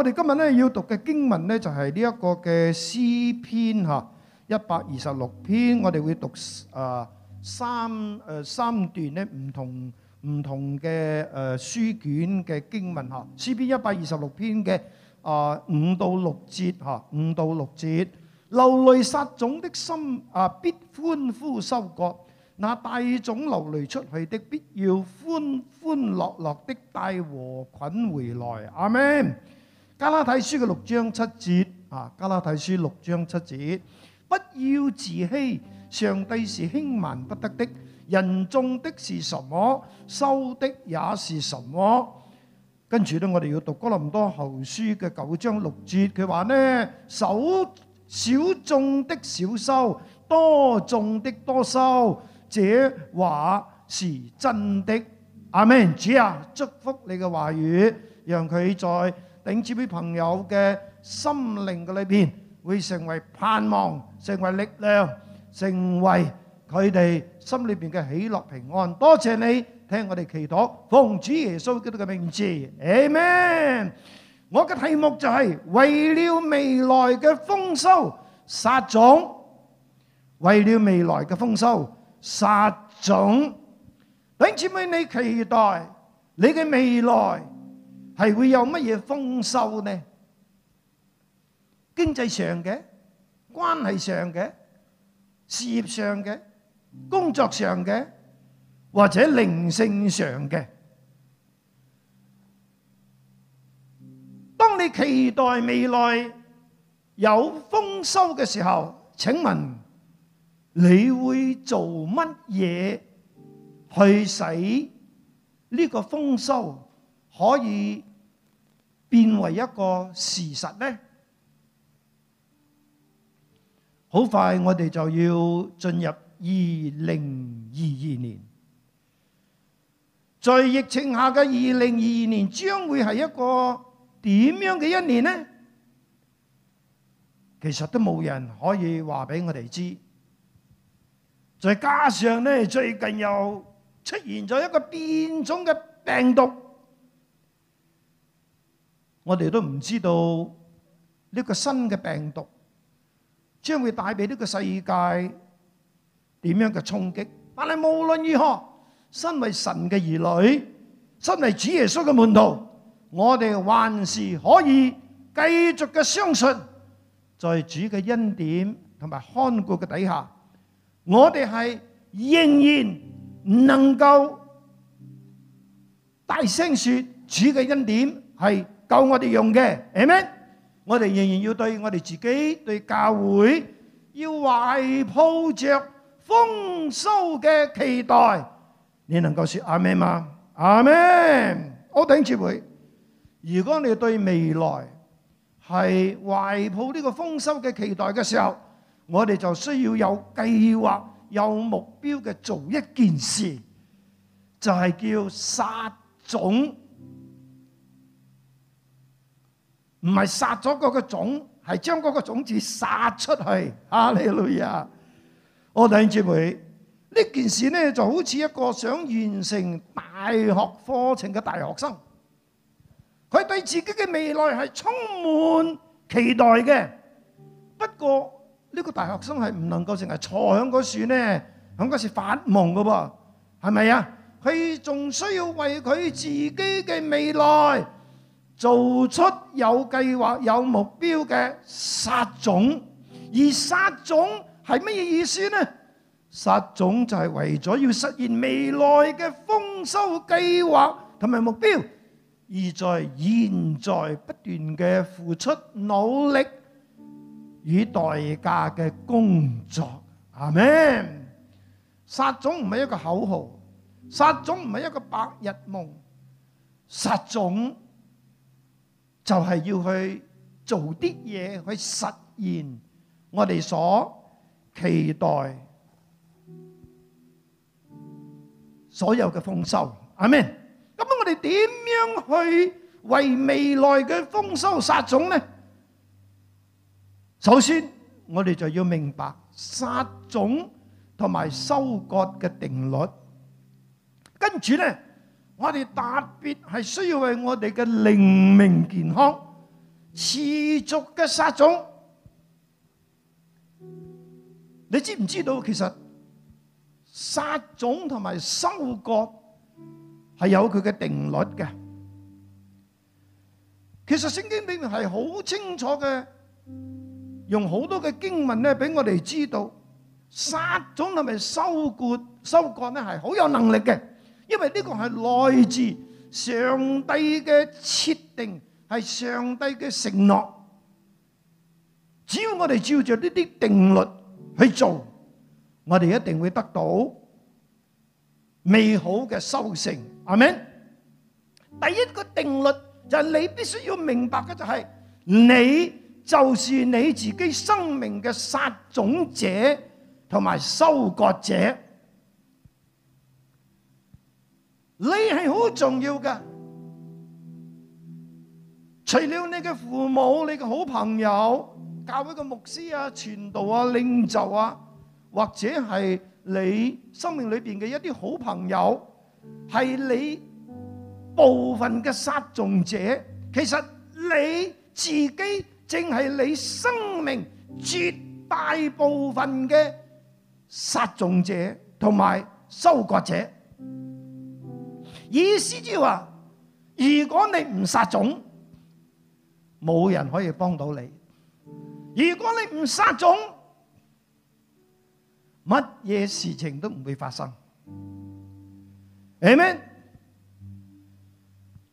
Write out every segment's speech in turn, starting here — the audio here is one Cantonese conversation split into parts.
我哋今日咧要讀嘅經文咧就係呢一個嘅詩篇吓，一百二十六篇，我哋會讀啊三誒三段咧唔同唔同嘅誒書卷嘅經文吓。詩篇一百二十六篇嘅啊五到六節吓，五到六節，流淚撒種的心啊，必歡呼收割。那帶種流淚出去的，必要歡歡樂樂的帶禾捆回來。阿門。加拉太書嘅六章七節啊，加拉太書六章七節，不要自欺，上帝是輕慢不得的。人種的是什麼，收的也是什麼。跟住咧，我哋要讀《哥林多後書》嘅九章六節，佢話咧：少少種的少收，多種的多收，這話是真的。阿門，主啊，祝福你嘅話語，讓佢在。頂住俾朋友嘅心靈嘅裏邊，會成為盼望，成為力量，成為佢哋心裏邊嘅喜樂平安。多謝你聽我哋祈禱，奉主耶穌基督嘅名字，阿門。我嘅題目就係為了未來嘅豐收撒種，為了未來嘅豐收撒種。頂住俾你期待你嘅未來。係會有乜嘢豐收呢？經濟上嘅、關係上嘅、事業上嘅、工作上嘅，或者靈性上嘅。當你期待未來有豐收嘅時候，請問你會做乜嘢去使呢個豐收可以？變為一個事實呢，好快我哋就要進入二零二二年。在疫情下嘅二零二二年，將會係一個點樣嘅一年呢？其實都冇人可以話俾我哋知。再加上呢，最近又出現咗一個變種嘅病毒。我哋都唔知道呢個新嘅病毒將會帶俾呢個世界點樣嘅衝擊，但係無論如何，身為神嘅兒女，身為主耶穌嘅門徒，我哋還是可以繼續嘅相信，在主嘅恩典同埋看顧嘅底下，我哋係仍然能夠大聲說主嘅恩典係夠我哋用嘅，係咪？我哋仍然要對我哋自己、對教會，要懷抱着豐收嘅期待。你能夠說阿們嗎？阿們，我頂住會。如果你對未來係懷抱呢個豐收嘅期待嘅時候，我哋就需要有計劃、有目標嘅做一件事，就係叫撒種。唔係殺咗嗰個種，係將嗰個種子撒出去。哈利路亞！我弟兄姊妹，呢件事呢就好似一個想完成大學課程嘅大學生，佢對自己嘅未來係充滿期待嘅。不過呢個大學生係唔能夠成日坐響嗰樹咧，響嗰時發夢嘅噃，係咪啊？佢仲需要為佢自己嘅未來。做出有計劃、有目標嘅撒種，而撒種係乜嘢意思呢？撒種就係為咗要實現未來嘅豐收計劃同埋目標，而在現在不斷嘅付出努力與代價嘅工作。阿們？撒種唔係一個口號，撒種唔係一個白日夢，撒種，就係要去做啲嘢，去實現我哋所期待所有嘅豐收，阿妹。咁我哋點樣去為未來嘅豐收撒種呢？首先，我哋就要明白撒種同埋收割嘅定律。跟住呢？我哋特別係需要為我哋嘅靈命健康持續嘅撒種。你知唔知道？其實撒種同埋收割係有佢嘅定律嘅。其實聖經裏面係好清楚嘅，用好多嘅經文咧，俾我哋知道撒種同埋收割，收割咧係好有能力嘅。因為呢個係來自上帝嘅設定，係上帝嘅承諾。只要我哋照著呢啲定律去做，我哋一定會得到美好嘅收成，係咪？第一個定律就係你必須要明白嘅就係，你就是你自己生命嘅撒種者同埋收割者。你係好重要噶，除了你嘅父母、你嘅好朋友、教會嘅牧師啊、傳道啊、領袖啊，或者係你生命裏邊嘅一啲好朋友，係你部分嘅撒種者。其實你自己正係你生命絕大部分嘅撒種者，同埋收割者。意思即係話，如果你唔撒種，冇人可以幫到你。如果你唔撒種，乜嘢事情都唔會發生。阿妹，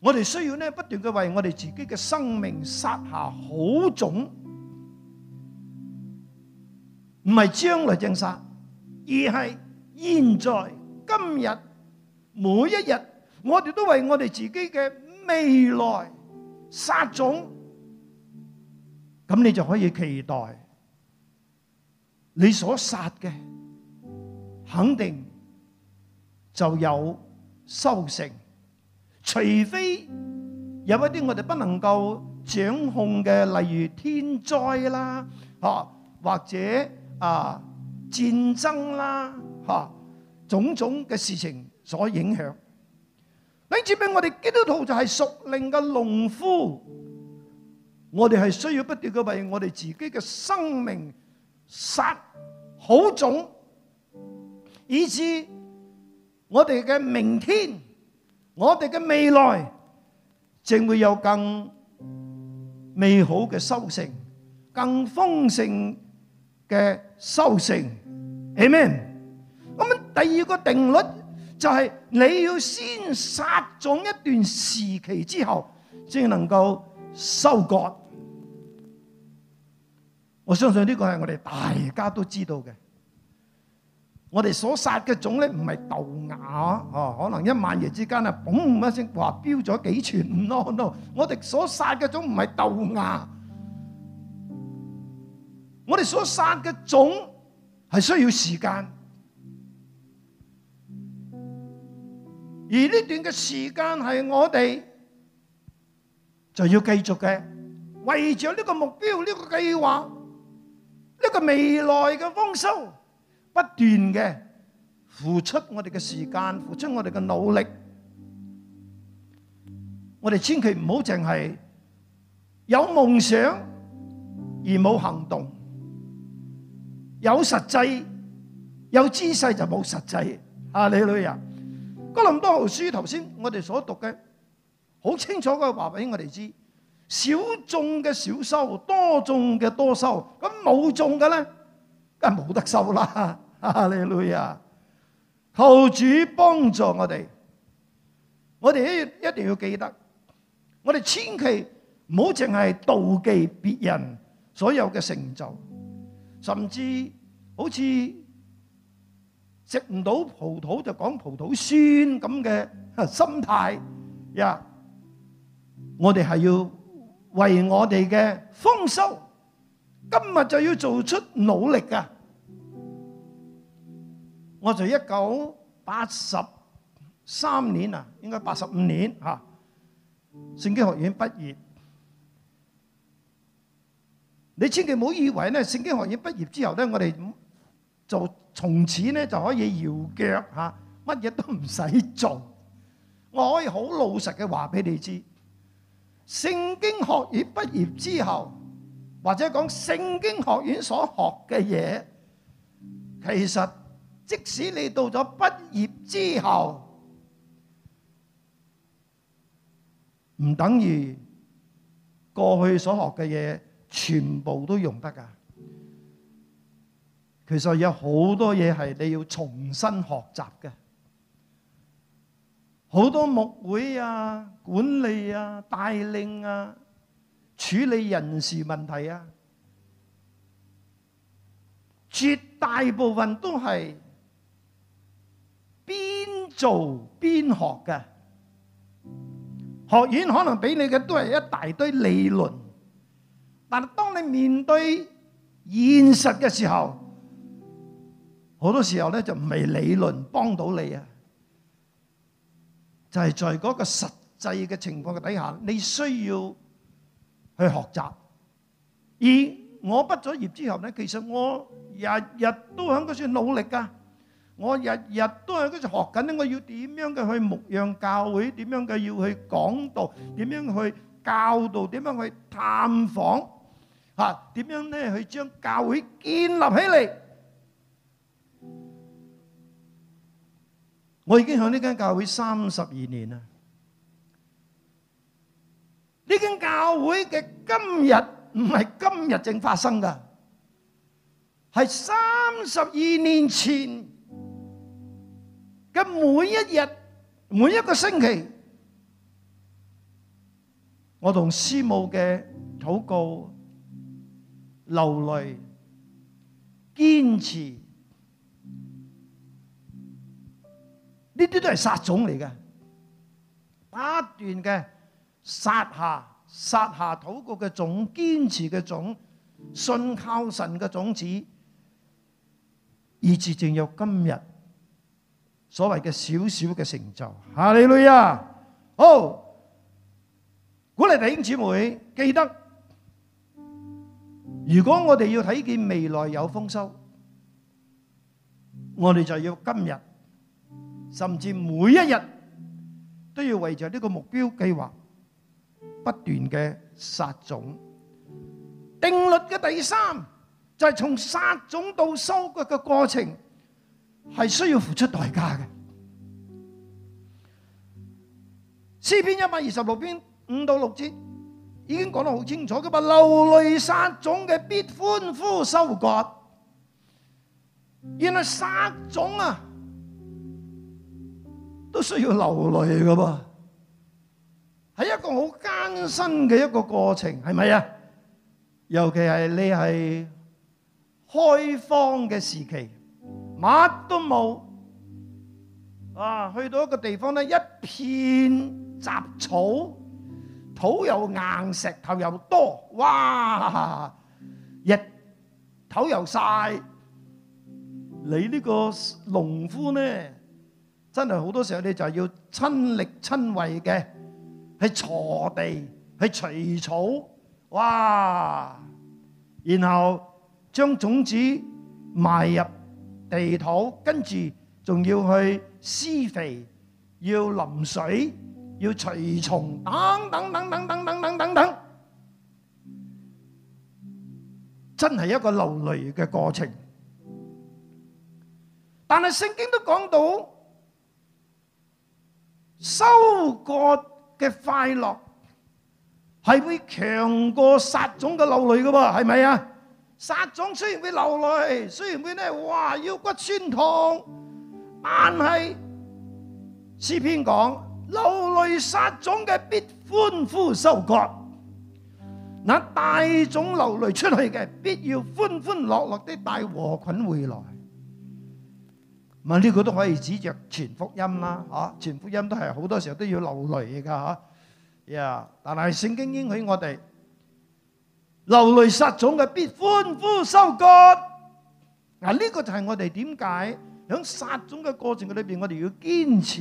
我哋需要呢不斷嘅為我哋自己嘅生命撒下好種，唔係將來正撒，而係現在、今日、每一日。我哋都為我哋自己嘅未來撒種，咁你就可以期待你所撒嘅肯定就有收成，除非有一啲我哋不能夠掌控嘅，例如天災啦，吓或者啊戰爭啦，吓種種嘅事情所影響。因此，俾我哋基督徒就係屬靈嘅農夫，我哋係需要不斷嘅為我哋自己嘅生命殺好種，以至我哋嘅明天、我哋嘅未來，正會有更美好嘅收成、更豐盛嘅收成。阿妹，咁第二個定律。就係，是，你要先撒種一段時期之後，先能夠收割。我相信呢個係我哋大家都知道嘅。我哋所撒嘅種咧，唔係豆芽哦，可能一晚夜之間啊，嘣一聲，話飆咗幾寸咯、呃。我哋所撒嘅種唔係豆芽，我哋所撒嘅種係需要時間。而呢段嘅時間係我哋就要繼續嘅，為咗呢個目標、呢個計劃、呢個未來嘅豐收，不斷嘅付出我哋嘅時間，付出我哋嘅努力。我哋千祈唔好淨係有夢想而冇行動，有實際有姿勢就冇實際。啊，你女人。哥林多後書，頭先我哋所讀嘅好清楚嘅話俾我哋知，少種嘅少收，多種嘅多收，咁冇種嘅咧，梗係冇得收啦！啊，你女啊，求主幫助我哋，我哋一一定要記得，我哋千祈唔好淨係妒忌別人所有嘅成就，甚至好似。食唔到葡萄就講葡萄酸咁嘅心態呀！我哋係要為我哋嘅豐收，今日就要做出努力㗎。我就一九八十三年啊，應該八十五年吓，聖經學院畢業。你千祈唔好以為呢，聖經學院畢業之後呢，我哋做。從此咧就可以搖腳嚇，乜嘢都唔使做。我可以好老實嘅話俾你知，聖經學院畢業之後，或者講聖經學院所學嘅嘢，其實即使你到咗畢業之後，唔等於過去所學嘅嘢全部都用得㗎。其實有好多嘢係你要重新學習嘅，好多牧會啊、管理啊、帶領啊、處理人事問題啊，絕大部分都係邊做邊學嘅。學院可能俾你嘅都係一大堆理論，但係當你面對現實嘅時候，好多時候咧就唔係理論幫到你啊，就係在嗰個實際嘅情況嘅底下，你需要去學習。而我畢咗業之後咧，其實我日日都喺嗰度努力㗎，我日日都喺嗰度學緊咧，我要點樣嘅去牧養教會，點樣嘅要去講道，點樣去教導，點樣去探訪，嚇點樣咧去將教會建立起嚟。我已經喺呢間教會三十二年啦！呢間教會嘅今日唔係今日正發生㗎，係三十二年前嘅每一日，每一個星期，我同師母嘅禱告、流淚、堅持。呢啲都係殺種嚟嘅，不斷嘅殺下殺下土國嘅種，堅持嘅種，信靠神嘅種子，以至正有今日所謂嘅小小嘅成就。哈利路亞，好鼓勵弟兄姊妹，記得如果我哋要睇見未來有豐收，我哋就要今日。甚至每一日都要為着呢個目標計劃，不斷嘅撒種。定律嘅第三就係從撒種到收割嘅過程係需要付出代價嘅。詩篇一百二十六篇五到六節已經講得好清楚，佢話流淚撒種嘅必歡呼收割。原來撒種啊！都需要流淚噶噃，係一個好艱辛嘅一個過程，係咪啊？尤其係你係開荒嘅時期，乜都冇啊！去到一個地方咧，一片雜草，土又硬，石頭又多，哇！日頭又曬，你呢個農夫咧～真係好多時候，你就要親力親為嘅去鋤地去除草，哇！然後將種子埋入地土，跟住仲要去施肥、要淋水、要除蟲等等等等等等等等，真係一個流淚嘅過程。但係聖經都講到。收割嘅快樂係會強過撒種嘅流淚嘅噃，係咪啊？撒種雖然會流淚，雖然會咧哇腰骨酸痛，但係詩篇講流淚撒種嘅必歡呼收割，那帶種流淚出去嘅，必要歡歡樂樂的帶禾捆回來。咁呢個都可以指著全福音啦，吓，全福音都係好多時候都要流淚噶吓，呀！但係聖經應許我哋流淚撒種嘅必歡呼收割。嗱呢個就係我哋點解響撒種嘅過程嘅裏邊，我哋要堅持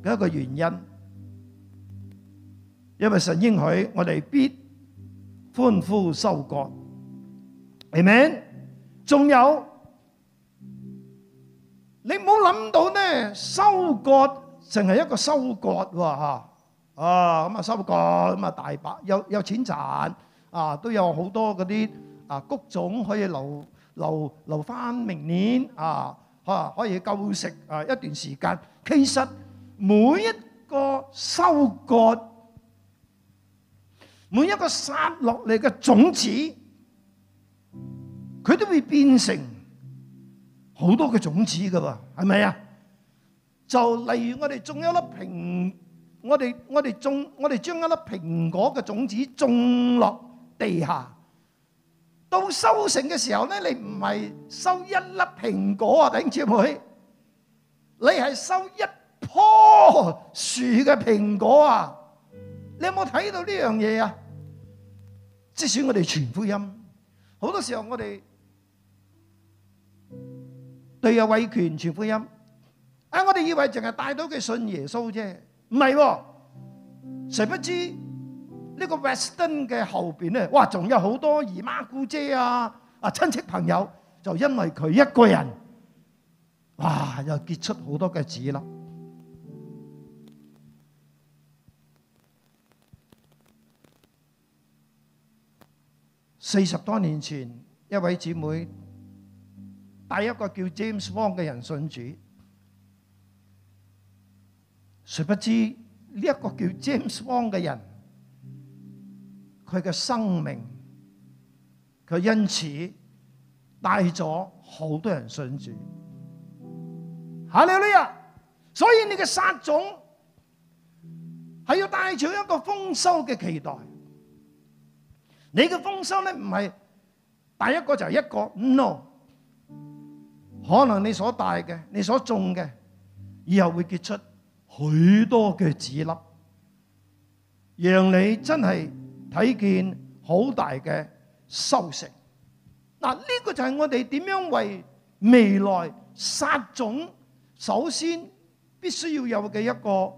嘅一個原因，因為神應許我哋必歡呼收割，明唔明？仲有。你唔好諗到咧，收割淨係一個收割喎，嚇。啊咁啊收割咁啊大把有有錢賺，啊都有好多嗰啲啊谷種可以留留留翻明年啊嚇，可以夠食啊一段時間。其實每一個收割，每一個撒落嚟嘅種子，佢都會變成。好多嘅種子噶喎，係咪啊？就例如我哋種一粒蘋，我哋我哋種我哋將一粒蘋果嘅種子種落地下，到收成嘅時候咧，你唔係收一粒蘋果啊，頂住佢，你係收一棵樹嘅蘋果啊！你有冇睇到呢樣嘢啊？即使我哋傳福音，好多時候我哋。對啊，委權全福音啊！我哋以為淨係帶到佢信耶穌啫，唔係、啊，誰不知呢個 Weston 嘅後邊咧，哇，仲有好多姨媽姑姐啊、啊親戚朋友，就因為佢一個人，哇，又結出好多嘅子啦。四十多年前，一位姊妹。第一個叫 James Wong 嘅人信主，誰不知呢一個叫 James Wong 嘅人，佢嘅生命，佢因此帶咗好多人信主。下嚟呢日，所以你嘅殺種係要帶住一個豐收嘅期待。你嘅豐收咧，唔係第一個就係一個 no。可能你所帶嘅，你所種嘅，以後會結出許多嘅籽粒，讓你真係睇見好大嘅收成。嗱，呢個就係我哋點樣為未來撒種，首先必須要有嘅一個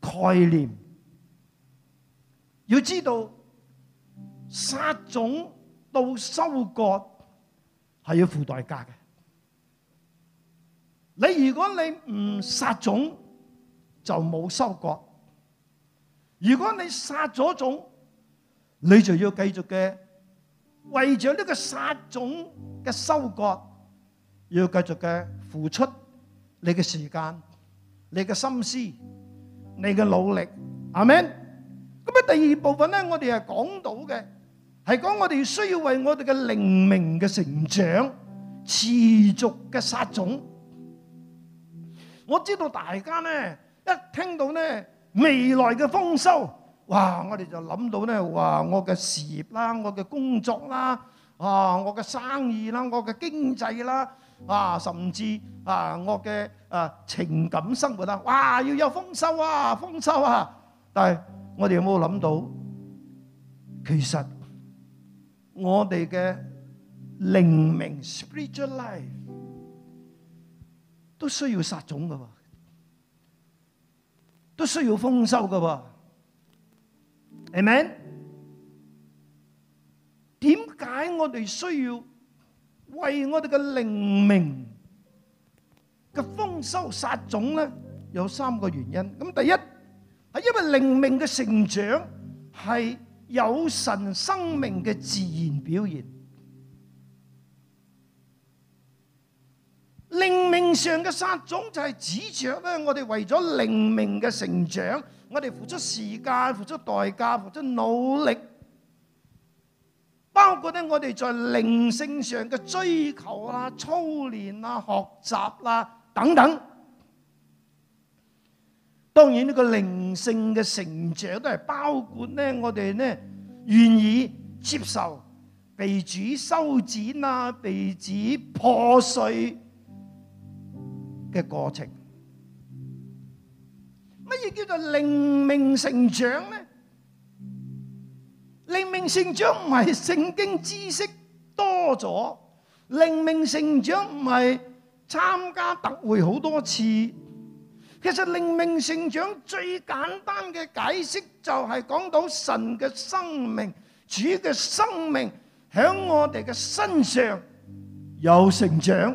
概念，要知道撒種到收割係要付代價嘅。你如果你唔殺種，就冇收割；如果你殺咗種，你就要繼續嘅為咗呢個殺種嘅收割，要繼續嘅付出你嘅時間、你嘅心思、你嘅努力。阿 min，咁啊第二部分咧，我哋係講到嘅係講我哋需要為我哋嘅靈明嘅成長持續嘅殺種。我知道大家咧一聽到咧未來嘅豐收，哇！我哋就諗到咧，哇！我嘅事業啦，我嘅工作啦，啊，我嘅生意啦，我嘅經濟啦，啊，甚至啊，我嘅誒情感生活啦，哇！要有豐收啊，豐收啊！但係我哋有冇諗到？其實我哋嘅靈命 spiritual life。都需要撒種噶喎，都需要豐收噶喎，係咪？點解我哋需要為我哋嘅靈命嘅豐收撒種咧？有三個原因。咁第一，係因為靈命嘅成長係有神生命嘅自然表現。靈命上嘅殺種就係指著咧，我哋為咗靈命嘅成長，我哋付出時間、付出代價、付出努力，包括咧我哋在靈性上嘅追求啦、操練啦、學習啦等等。當然呢個靈性嘅成長都係包括咧，我哋咧願意接受被主修剪啊，被主破碎。嘅過程，乜嘢叫做靈命成長咧？靈命成長唔係聖經知識多咗，靈命成長唔係參加特會好多次。其實靈命成長最簡單嘅解釋就係講到神嘅生命、主嘅生命響我哋嘅身上有成長。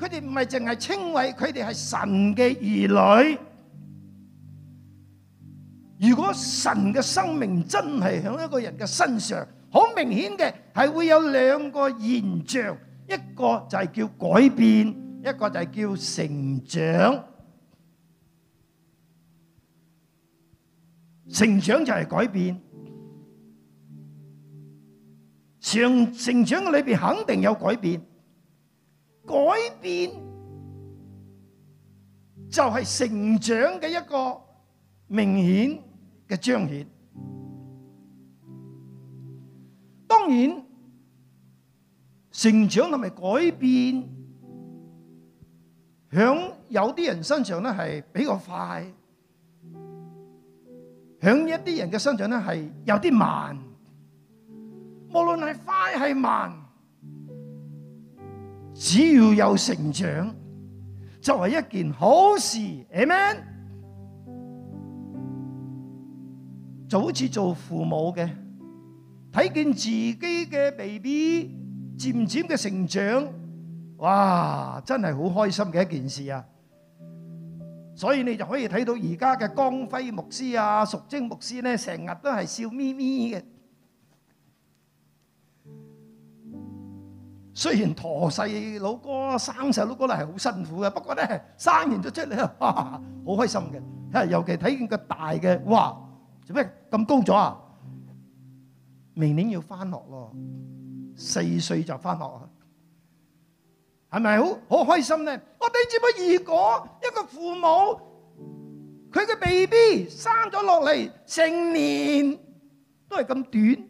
佢哋唔係淨係稱為佢哋係神嘅兒女。如果神嘅生命真係響一個人嘅身上，好明顯嘅係會有兩個現象，一個就係叫改變，一個就係叫成長。成長就係改變，成成長嘅裏邊肯定有改變。改變就係成長嘅一個明顯嘅彰顯。當然，成長同埋改變，響有啲人身上咧係比較快，響一啲人嘅身上咧係有啲慢，無論係快係慢。只要有成長，作、就、為、是、一件好事，Amen。就好似做父母嘅，睇見自己嘅 BB 漸漸嘅成長，哇！真係好開心嘅一件事啊！所以你就可以睇到而家嘅光輝牧師啊、淑精牧師咧，成日都係笑眯眯嘅。雖然陀細老哥生細老哥咧係好辛苦嘅，不過咧生完咗出嚟啊，好開心嘅。尤其睇見個大嘅哇，做咩咁高咗啊？明年要翻學咯，四歲就翻學，係咪好好開心咧？我、哦、哋知唔知？如果一個父母佢嘅 BB 生咗落嚟，成年都係咁短，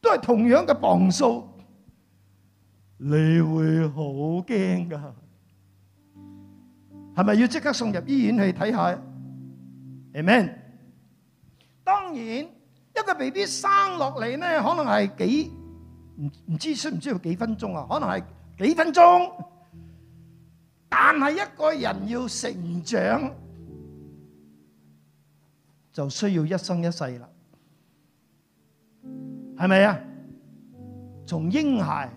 都係同樣嘅磅數。你會好驚噶，係咪要即刻送入醫院去睇下？Amen。當然，一個 B B 生落嚟咧，可能係幾唔唔知，需唔需要幾分鐘啊，可能係幾分鐘。但係一個人要成長，就需要一生一世啦，係咪啊？從嬰孩。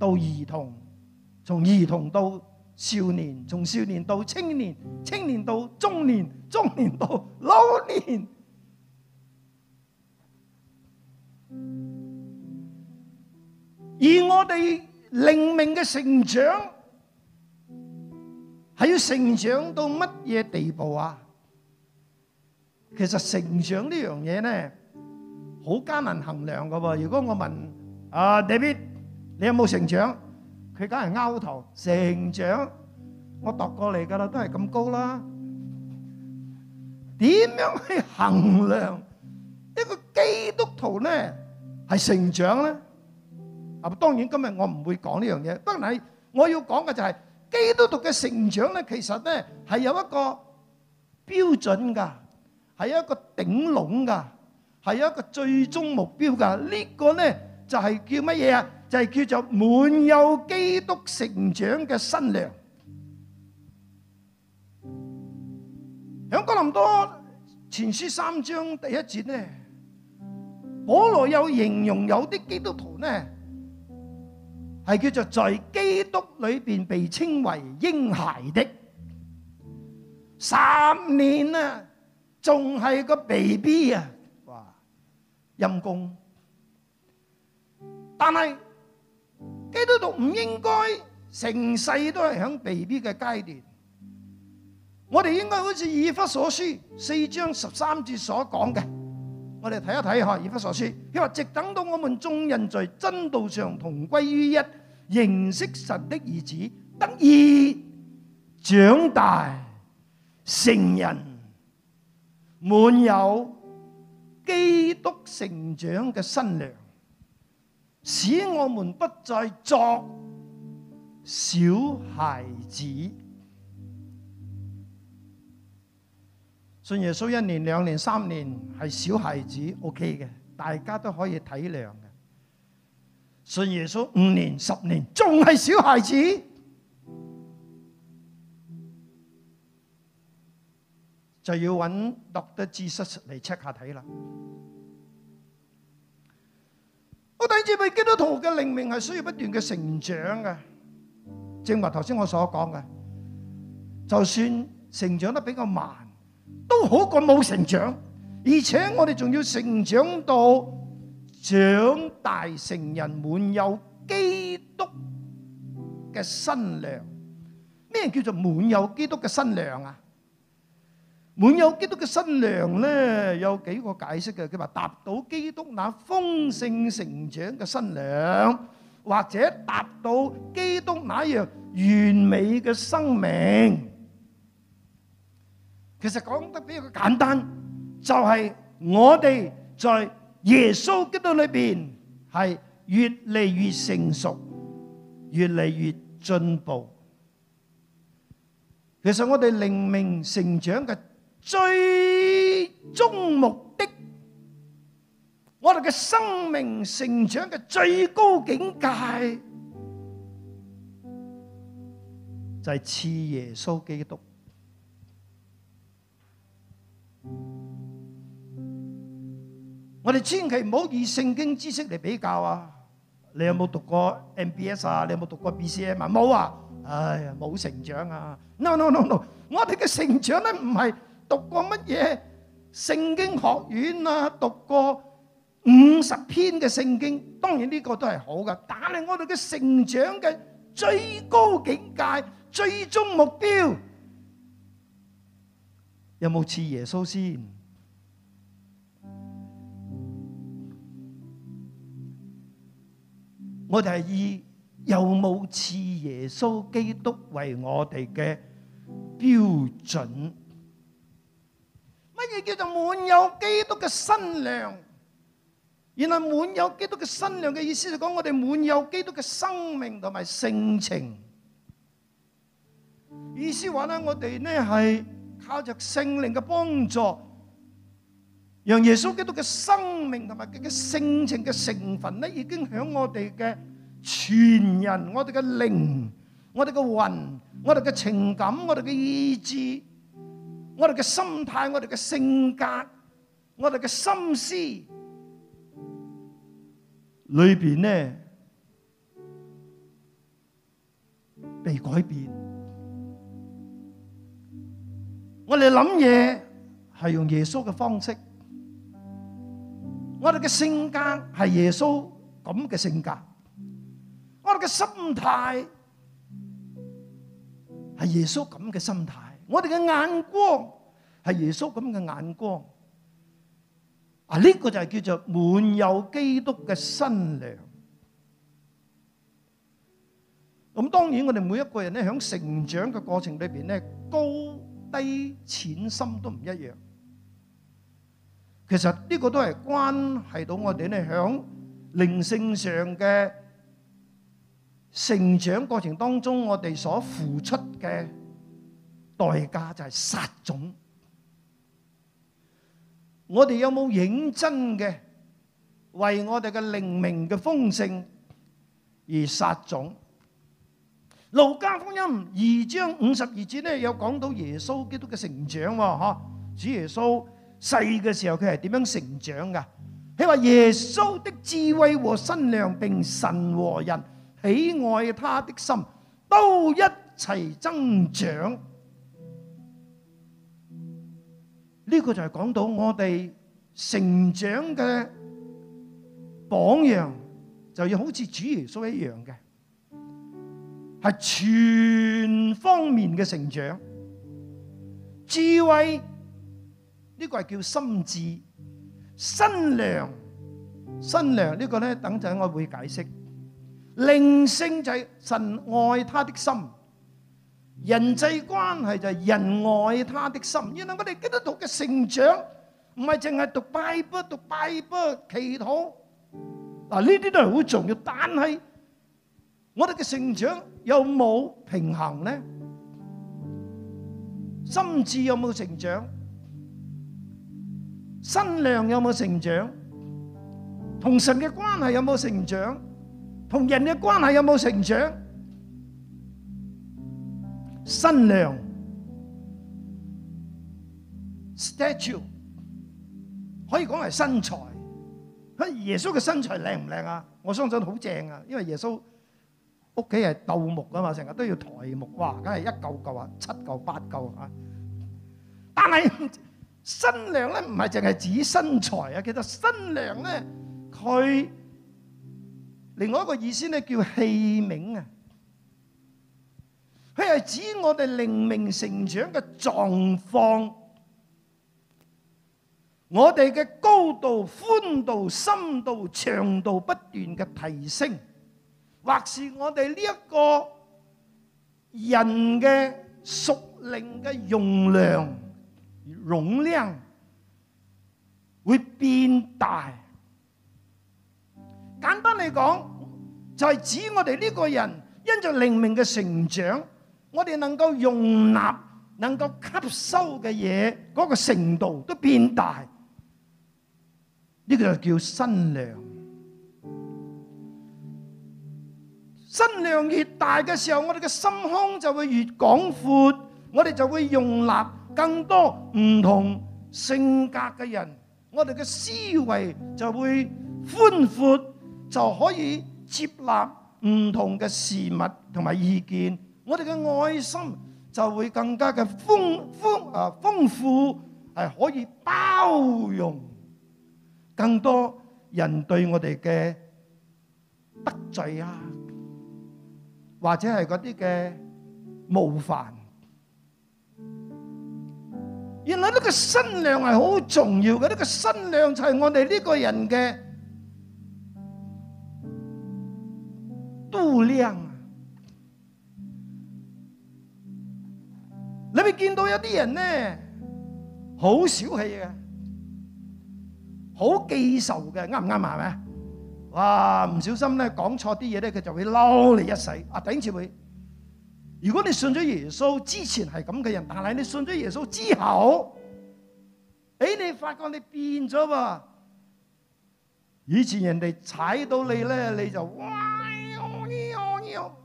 到兒童，從兒童到少年，從少年到青年，青年到中年，中年到老年。而我哋靈命嘅成長係要成長到乜嘢地步啊？其實成長呢樣嘢咧，好艱難衡量嘅喎。如果我問啊，David。你有冇成長？佢梗係勾頭成長，我度過嚟㗎啦，都係咁高啦。點樣去衡量一個基督徒咧係成長咧？啊，當然今日我唔會講呢樣嘢。不過係我要講嘅就係基督徒嘅成長咧，其實咧係有一個標準㗎，係有一個頂籠㗎，係有一個最終目標㗎。呢個咧就係叫乜嘢啊？就係叫做滿有基督成長嘅新娘。響哥林多前書三章第一節咧，保羅又形容有啲基督徒咧，係叫做在基督裏邊被稱為嬰孩的，十年啊，仲係個 baby 啊，哇，陰公，但係。基督徒唔應該成世都係喺 B.B. 嘅階段，我哋應該好似以弗所書四章十三節所講嘅，我哋睇一睇吓。以弗所書，佢話：直等到我們眾人在真道上同歸於一，認識神的兒子，得以長大成人，滿有基督成長嘅身量。使我們不再作小孩子，信耶穌一年、兩年、三年係小孩子 O K 嘅，大家都可以體諒嘅。信耶穌五年、十年仲係小孩子，就要揾多啲知識嚟 check 下睇啦。我第一次明白基督徒嘅靈命係需要不斷嘅成長嘅，正如頭先我所講嘅，就算成長得比較慢，都好過冇成長，而且我哋仲要成長到長大成人，滿有基督嘅新娘。咩叫做滿有基督嘅新娘啊？滿有基督嘅新娘呢，有幾個解釋嘅。佢話達到基督那豐盛成長嘅新娘，或者達到基督那樣完美嘅生命。其實講得比較簡單，就係我哋在耶穌基督裏邊係越嚟越成熟，越嚟越進步。其實我哋靈命成長嘅。最終目的，我哋嘅生命成長嘅最高境界就係似耶穌基督。我哋千祈唔好以聖經知識嚟比較啊！你有冇讀過 MBS 啊？你有冇讀過 BCM 啊？冇啊！唉，冇成長啊！No no no no！我哋嘅成長咧唔係。讀過乜嘢聖經學院啊？讀過五十篇嘅聖經，當然呢個都係好嘅。但係我哋嘅成長嘅最高境界、最終目標，有冇似耶穌先？我哋係以有冇似耶穌基督為我哋嘅標準。乜嘢叫做滿有基督嘅身量？原來滿有基督嘅身量嘅意思就講我哋滿有基督嘅生命同埋性情。意思話咧，我哋呢係靠着聖靈嘅幫助，讓耶穌基督嘅生命同埋佢嘅性情嘅成分咧，已經響我哋嘅全人、我哋嘅靈、我哋嘅魂、我哋嘅情感、我哋嘅意志。我哋嘅心態、我哋嘅性格、我哋嘅心思裏邊呢，被改變。我哋諗嘢係用耶穌嘅方式，我哋嘅性格係耶穌咁嘅性格，我哋嘅心態係耶穌咁嘅心態。我哋嘅眼光係耶穌咁嘅眼光，啊呢個就係叫做「滿有基督嘅新娘」。咁當然我哋每一個人咧喺成長嘅過程裏邊咧高低淺深都唔一樣。其實呢個都係關係到我哋咧響靈性上嘅成長過程當中，我哋所付出嘅。代價就係殺種。我哋有冇認真嘅為我哋嘅靈命嘅豐盛而殺種？《路加福音》二章五十二節咧，有講到耶穌基督嘅成長喎、哦。主耶穌細嘅時候，佢係點樣成長㗎？佢話：耶穌的智慧和身量，並神和人喜愛他的心，都一齊增長。呢個就係講到我哋成長嘅榜樣，就要好似主耶穌一樣嘅，係全方面嘅成長。智慧呢個係叫心智，新娘新娘呢個咧，等陣我會解釋。靈性就係神愛他的心。人際關係就係人愛他的心，因為我哋基督徒嘅成長唔係淨係讀 Bible、讀 Bible、祈禱，嗱，呢啲都係好重要。但係我哋嘅成長有冇平衡呢？心智有冇成長？身量有冇成長？同神嘅關係有冇成長？同人嘅關係有冇成長？身量 statue 可以講係身材。耶穌嘅身材靚唔靚啊？我相信好正啊，因為耶穌屋企係鬥木噶嘛，成日都要抬木，哇，梗係一嚿嚿啊，七嚿八嚿啊。但係身量咧，唔係淨係指身材啊，其實身量咧，佢另外一個意思咧叫器皿啊。佢係指我哋靈命成長嘅狀況，我哋嘅高度、寬度、深度、長度不斷嘅提升，或是我哋呢一個人嘅屬靈嘅容量、容量會變大。簡單嚟講，就係指我哋呢個人因着靈命嘅成長。我哋能夠容納、能夠吸收嘅嘢，嗰、那個程度都變大。呢、這個就叫身量。身量越大嘅時候，我哋嘅心胸就會越廣闊，我哋就會容納更多唔同性格嘅人。我哋嘅思維就會寬闊，就可以接納唔同嘅事物同埋意見。我哋嘅愛心就會更加嘅豐豐啊，豐富，係可以包容更多人對我哋嘅得罪啊，或者係嗰啲嘅冒犯。原來呢個身量係好重要嘅，呢個身量就係我哋呢個人嘅度量。你咪見到有啲人咧，好小氣嘅，好記仇嘅，啱唔啱啊？係咪啊？哇！唔小心咧，講錯啲嘢咧，佢就會嬲你一世。啊，頂住佢！如果你信咗耶穌之前係咁嘅人，但係你信咗耶穌之後，誒、哎、你發覺你變咗喎。以前人哋踩到你咧，你就哇！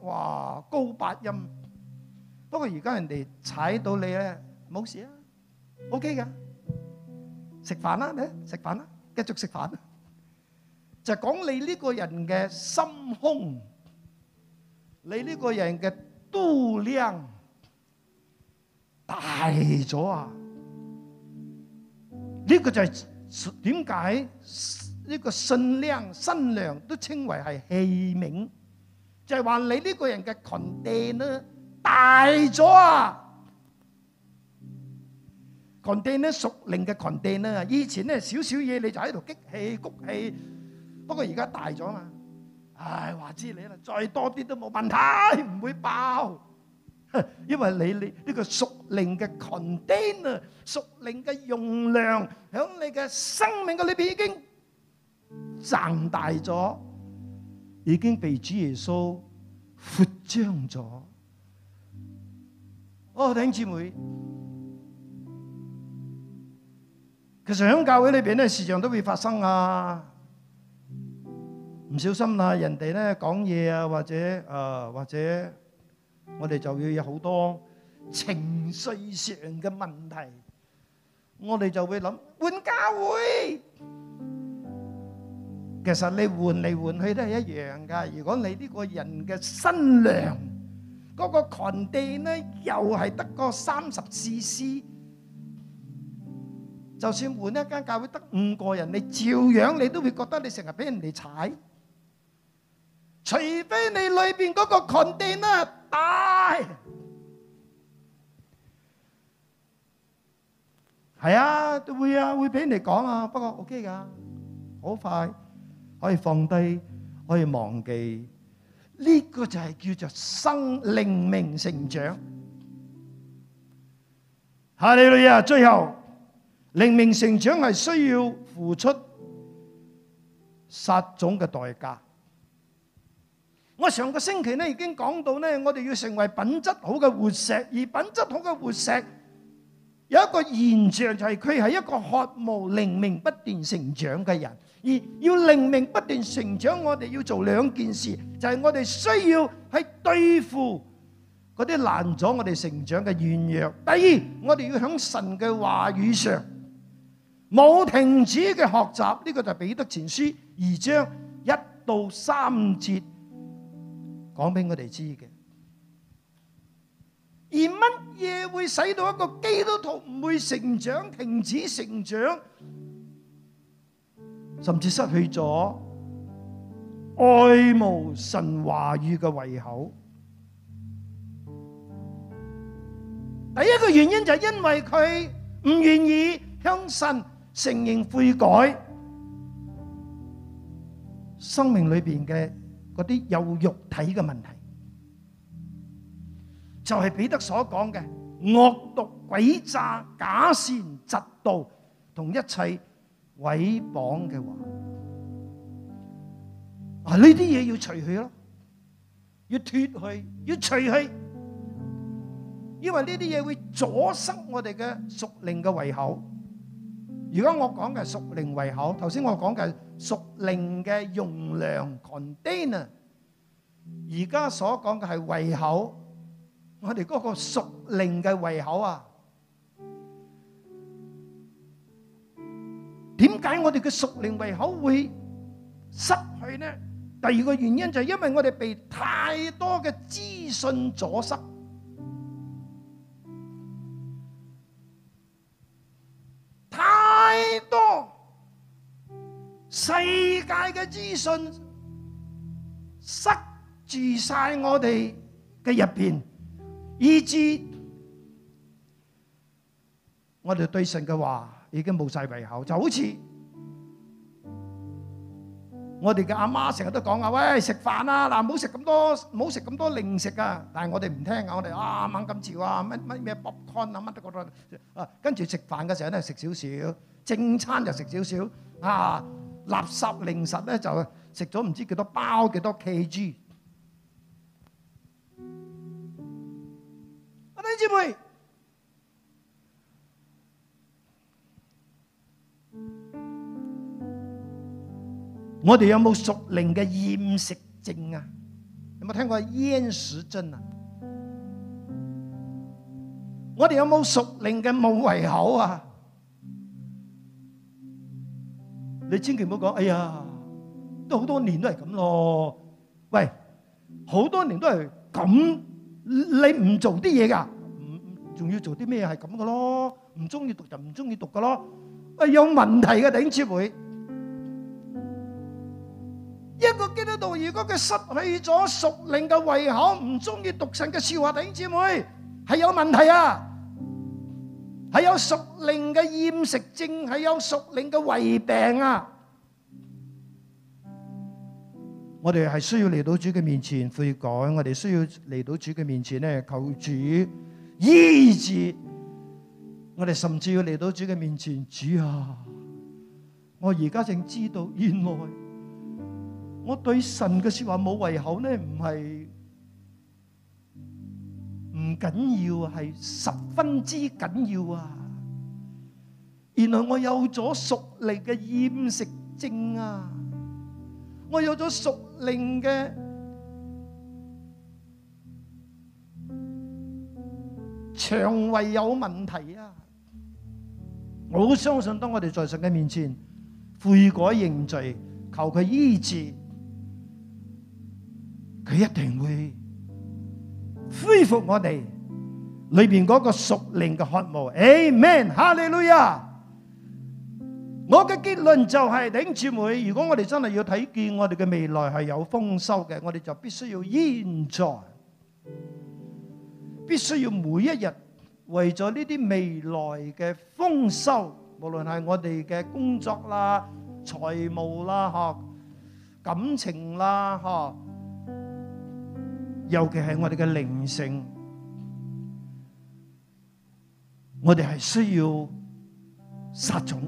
哇高八音。不過而家人哋踩到你咧，冇事啊，OK 㗎，食飯啦，嚟食飯啦，繼續食飯。就係講你呢個人嘅心胸，你呢個人嘅度量大咗啊！呢個就係點解呢個信量、信量都稱為係器皿，就係話你呢個人嘅窮地呢？大咗啊！container 咧，屬靈嘅 container 咧，以前咧，少少嘢你就喺度激氣谷氣，不過而家大咗嘛。唉，話知你啦，再多啲都冇問題，唔會爆。因為你你呢個屬靈嘅 container 啊，屬靈嘅容量喺你嘅生命嘅裏邊已經脹大咗，已經被主耶穌擴張咗。哦，弟兄姊妹，其實喺教會裏邊咧，時常都會發生啊，唔小心啊，人哋咧講嘢啊，或者啊，或者我哋就要有好多情緒上嘅問題，我哋就會諗換教會。其實你換嚟換去都係一樣㗎，如果你呢個人嘅身量，嗰、那個群地咧，又係得個三十四師，就算換一間教會得五個人，你照樣你都會覺得你成日俾人哋踩，除非你裏邊嗰個群地咧大。係啊，會啊，會俾人哋講啊，不過 OK 㗎，好快可以放低，可以忘記。呢個就係叫做生靈命成長。哈利路亞，最後靈命成長係需要付出殺種嘅代價。我上個星期呢已經講到呢，我哋要成為品質好嘅活石，而品質好嘅活石有一個現象就係佢係一個渴慕靈命不斷成長嘅人。而要靈命不斷成長，我哋要做兩件事，就係我哋需要係對付嗰啲攔阻我哋成長嘅軟弱。第二，我哋要響神嘅話語上冇停止嘅學習，呢個就係彼得前書二章一到三節講俾我哋知嘅。而乜嘢會使到一個基督徒唔會成長、停止成長？甚至失去咗愛慕神話語嘅胃口。第一個原因就係因為佢唔願意向神承認悔改，生命裏邊嘅嗰啲有肉體嘅問題，就係彼得所講嘅惡毒、詭詐、假善、嫉妒，同一切。毀謗嘅話，啊，呢啲嘢要除去咯，要脱去，要除去，因為呢啲嘢會阻塞我哋嘅屬靈嘅胃口。如果我講嘅係屬靈胃口，頭先我講嘅屬靈嘅容量 condition，而家所講嘅係胃口，我哋嗰個屬靈嘅胃口啊。點解我哋嘅屬靈胃口會失去呢？第二個原因就係因為我哋被太多嘅資訊阻塞，太多世界嘅資訊塞住晒我哋嘅入邊，以至我哋對神嘅話。已經冇曬胃口，就好似我哋嘅阿媽成日都講啊，喂，食飯啊，嗱，唔好食咁多，唔好食咁多零食啊！但係我哋唔聽啊，我哋啊猛咁潮啊，乜乜咩 box con 啊，乜都覺得啊，跟住食飯嘅時候咧，食少少，正餐就食少少啊，垃圾零食咧，就食咗唔知幾多包幾多 kg。我哋知唔知？我哋有冇熟齡嘅厭食症啊？有冇聽過厭食症啊？我哋有冇熟齡嘅冇胃口啊？你千祈唔好講，哎呀，都好多年都係咁咯。喂，好多年都係咁，你唔做啲嘢噶？唔仲要做啲咩係咁噶咯？唔中意讀就唔中意讀噶咯，喂，有問題嘅頂協會。一個基督徒，如果佢失去咗屬靈嘅胃口，唔中意讀神嘅說話，弟兄姊妹係有問題啊！係有屬靈嘅厭食症，係有屬靈嘅胃病啊！我哋係需要嚟到主嘅面前悔改，我哋需要嚟到主嘅面前咧，求主醫治。我哋甚至要嚟到主嘅面前，主啊！我而家正知道，原來。我對神嘅說話冇胃口呢，唔係唔緊要，係十分之緊要啊！原來我有咗屬靈嘅厭食症啊，我有咗屬靈嘅腸胃有問題啊！我好相信，當我哋在神嘅面前悔改認罪，求佢醫治。佢一定會恢復我哋裏邊嗰個屬靈嘅渴慕。Amen，哈利路亞！我嘅結論就係，弟兄姊妹，如果我哋真係要睇見我哋嘅未來係有豐收嘅，我哋就必須要現在，必須要每一日為咗呢啲未來嘅豐收，無論係我哋嘅工作啦、財務啦、嗬、感情啦、嗬。尤其係我哋嘅靈性，我哋係需要撒種，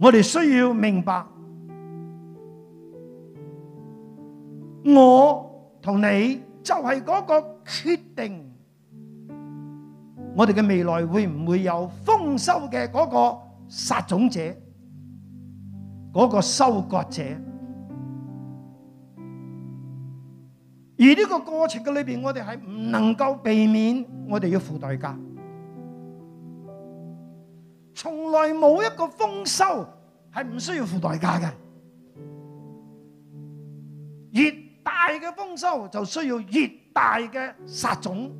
我哋需要明白，我同你就係嗰個決定，我哋嘅未來會唔會有豐收嘅嗰個撒種者，嗰個收割者。而呢個過程嘅裏邊，我哋係唔能夠避免，我哋要付代價。從來冇一個豐收係唔需要付代價嘅，越大嘅豐收就需要越大嘅撒種，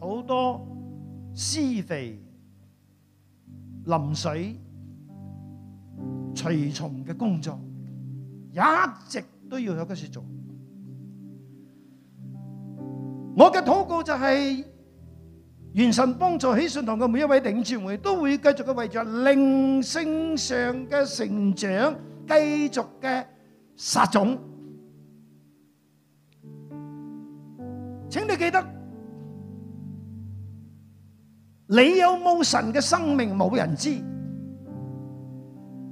好多施肥、淋水、除蟲嘅工作，一直。都要有嘅事做。我嘅禱告就係，願神幫助喜信堂嘅每一位領傳會，都會繼續嘅為着靈性上嘅成長，繼續嘅撒種。請你記得，你有冇神嘅生命，冇人知。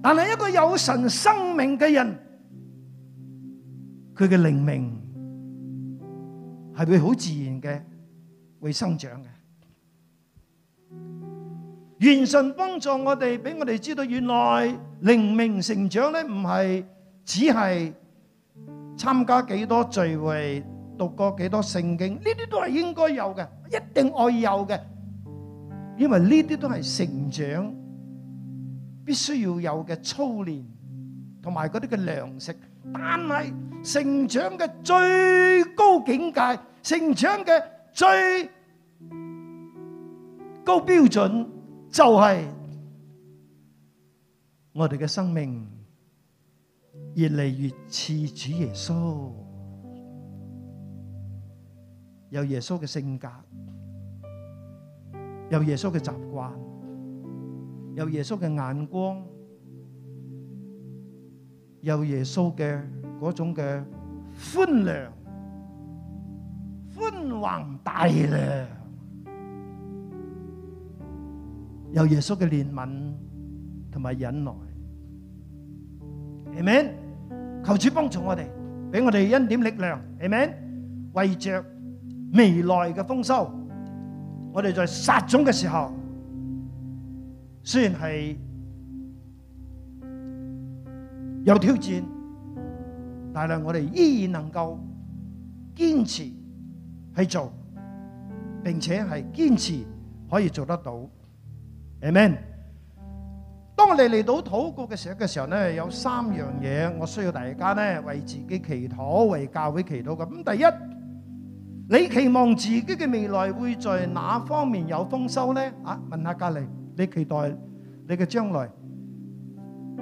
但係一個有神生命嘅人。佢嘅靈命係會好自然嘅，會生長嘅。元神幫助我哋，俾我哋知道原來靈命成長咧，唔係只係參加幾多聚會、讀過幾多聖經，呢啲都係應該有嘅，一定愛有嘅。因為呢啲都係成長必須要有嘅操練，同埋嗰啲嘅糧食。但係成長嘅最高境界，成長嘅最高標準，就係我哋嘅生命越嚟越似主耶穌。有耶穌嘅性格，有耶穌嘅習慣，有耶穌嘅眼光。有耶穌嘅嗰種嘅寬量、寬宏大量，有耶穌嘅憐憫同埋忍耐，amen。求主幫助我哋，俾我哋恩典力量，amen。為着未來嘅豐收，我哋在撒種嘅時候，雖然係。有挑戰，但係我哋依然能夠堅持去做，並且係堅持可以做得到。Amen，當我哋嚟到禱告嘅時候嘅時候咧，有三樣嘢我需要大家咧為自己祈禱，為教會祈禱嘅。咁第一，你期望自己嘅未來會在哪方面有豐收咧？啊，問下隔籬，你期待你嘅將來。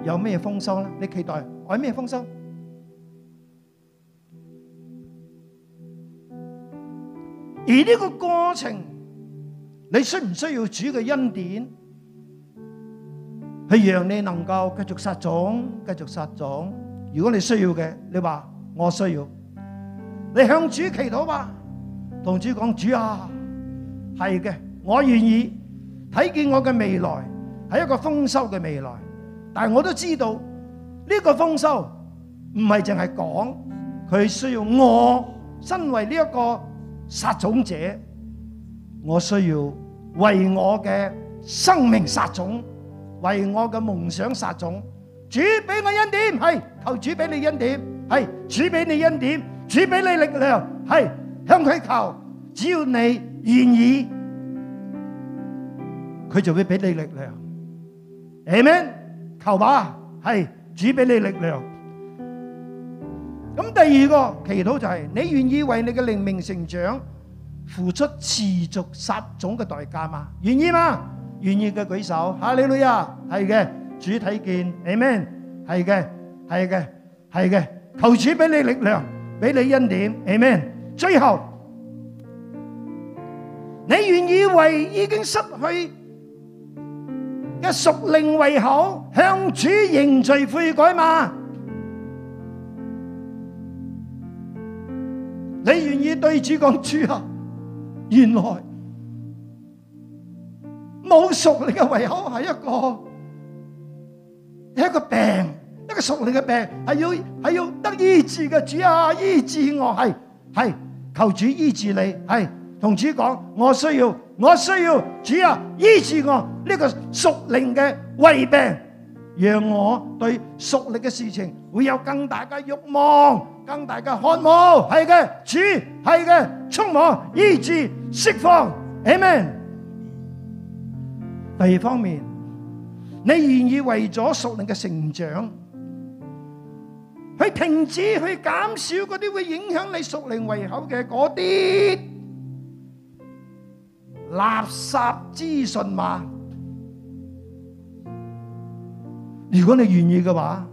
有咩豐收呢？你期待我有咩豐收？而呢個過程，你需唔需要主嘅恩典，去讓你能夠繼續撒種、繼續撒種？如果你需要嘅，你話我需要，你向主祈禱吧，同主講：主啊，係嘅，我願意睇見我嘅未來係一個豐收嘅未來。但係我都知道呢個豐收唔係淨係講，佢需要我身為呢一個撒種者，我需要為我嘅生命撒種，為我嘅夢想撒種。主俾我恩典，係求主俾你恩典，係主俾你恩典，主俾你力量，係向佢求，只要你願意，佢就會俾你力量。阿門。求吧，係主俾你力量。咁第二個祈禱就係，你願意為你嘅靈命成長付出持續撒種嘅代價嗎？願意嗎？願意嘅舉手。吓，你女啊，係嘅，主睇見，amen。係嘅，係嘅，係嘅，求主俾你力量，俾你恩典，amen。最後，你願意為已經失去嘅屬靈胃口向主認罪悔改嘛？你願意對主講主啊？原來冇屬靈嘅胃口係一個係一個病，一個屬靈嘅病係要係要得醫治嘅主啊！醫治我係係求主醫治你係同主講我需要。我需要主啊，醫治我呢個屬靈嘅胃病，讓我對屬靈嘅事情會有更大嘅欲望、更大嘅渴望。係嘅，主係嘅，觸摸醫治釋放，Amen。第二方面，你願意為咗屬靈嘅成長，去停止去減少嗰啲會影響你屬靈胃口嘅嗰啲垃圾資訊嘛？如果你願意嘅話，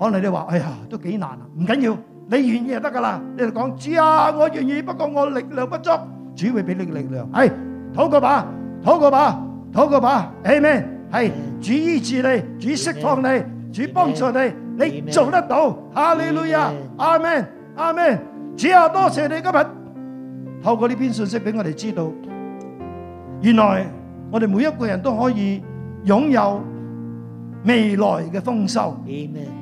可能你哋話：哎呀，都幾難啊！唔緊要，你願意就得噶啦。你就講主啊，我願意，不過我力量不足，主會俾你嘅力量。係，禱告吧，禱告吧，禱告吧。阿門，係主醫治你，主釋放你，主幫助你，你做得到。哈利路亞，阿門，阿門。主啊，多謝你今日。透過呢篇信息俾我哋知道，原來我哋每一個人都可以擁有未來嘅豐收。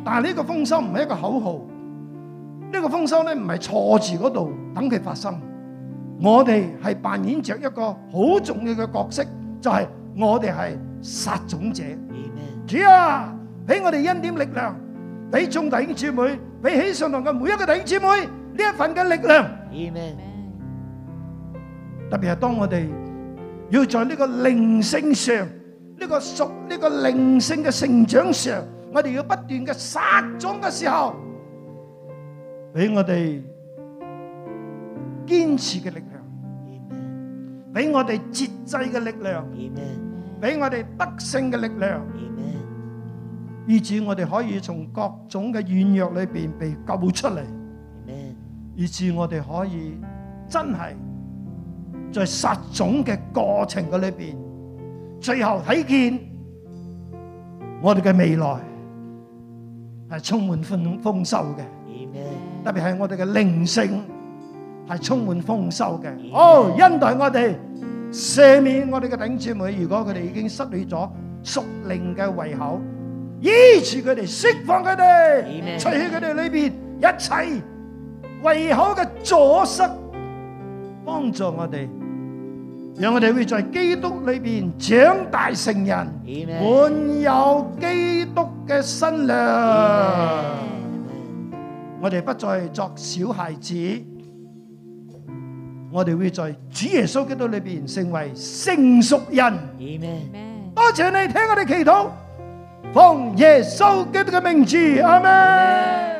但係呢個豐收唔係一個口號，呢個豐收咧唔係坐住嗰度等佢發生。我哋係扮演着一個好重要嘅角色，就係我哋係撒種者。主啊，俾我哋恩典力量，俾眾弟兄姊妹，俾喜信堂嘅每一個弟兄姊妹呢一份嘅力量。特別係當我哋要在呢個靈性上，呢個屬呢個靈性嘅成長上，我哋要不斷嘅撒種嘅時候，俾我哋堅持嘅力量，俾我哋節制嘅力量，俾我哋得勝嘅力量，以至我哋可以從各種嘅軟弱裏邊被救出嚟，以至我哋可以真係。在撒種嘅過程嘅裏邊，最後睇見我哋嘅未來係充滿豐豐收嘅，特別係我哋嘅靈性係充滿豐收嘅。哦，恩待我哋，赦免我哋嘅弟兄姊妹，如果佢哋已經失去咗屬靈嘅胃口，醫治佢哋，釋放佢哋，除去佢哋裏邊一切胃口嘅阻塞，幫助我哋。讓我哋會在基督裏邊長大成人，滿有基督嘅身量。我哋不再作小孩子，我哋會在主耶穌基督裏邊成為成熟人。阿門。多謝你聽我哋祈禱，奉耶穌基督嘅名字，阿門。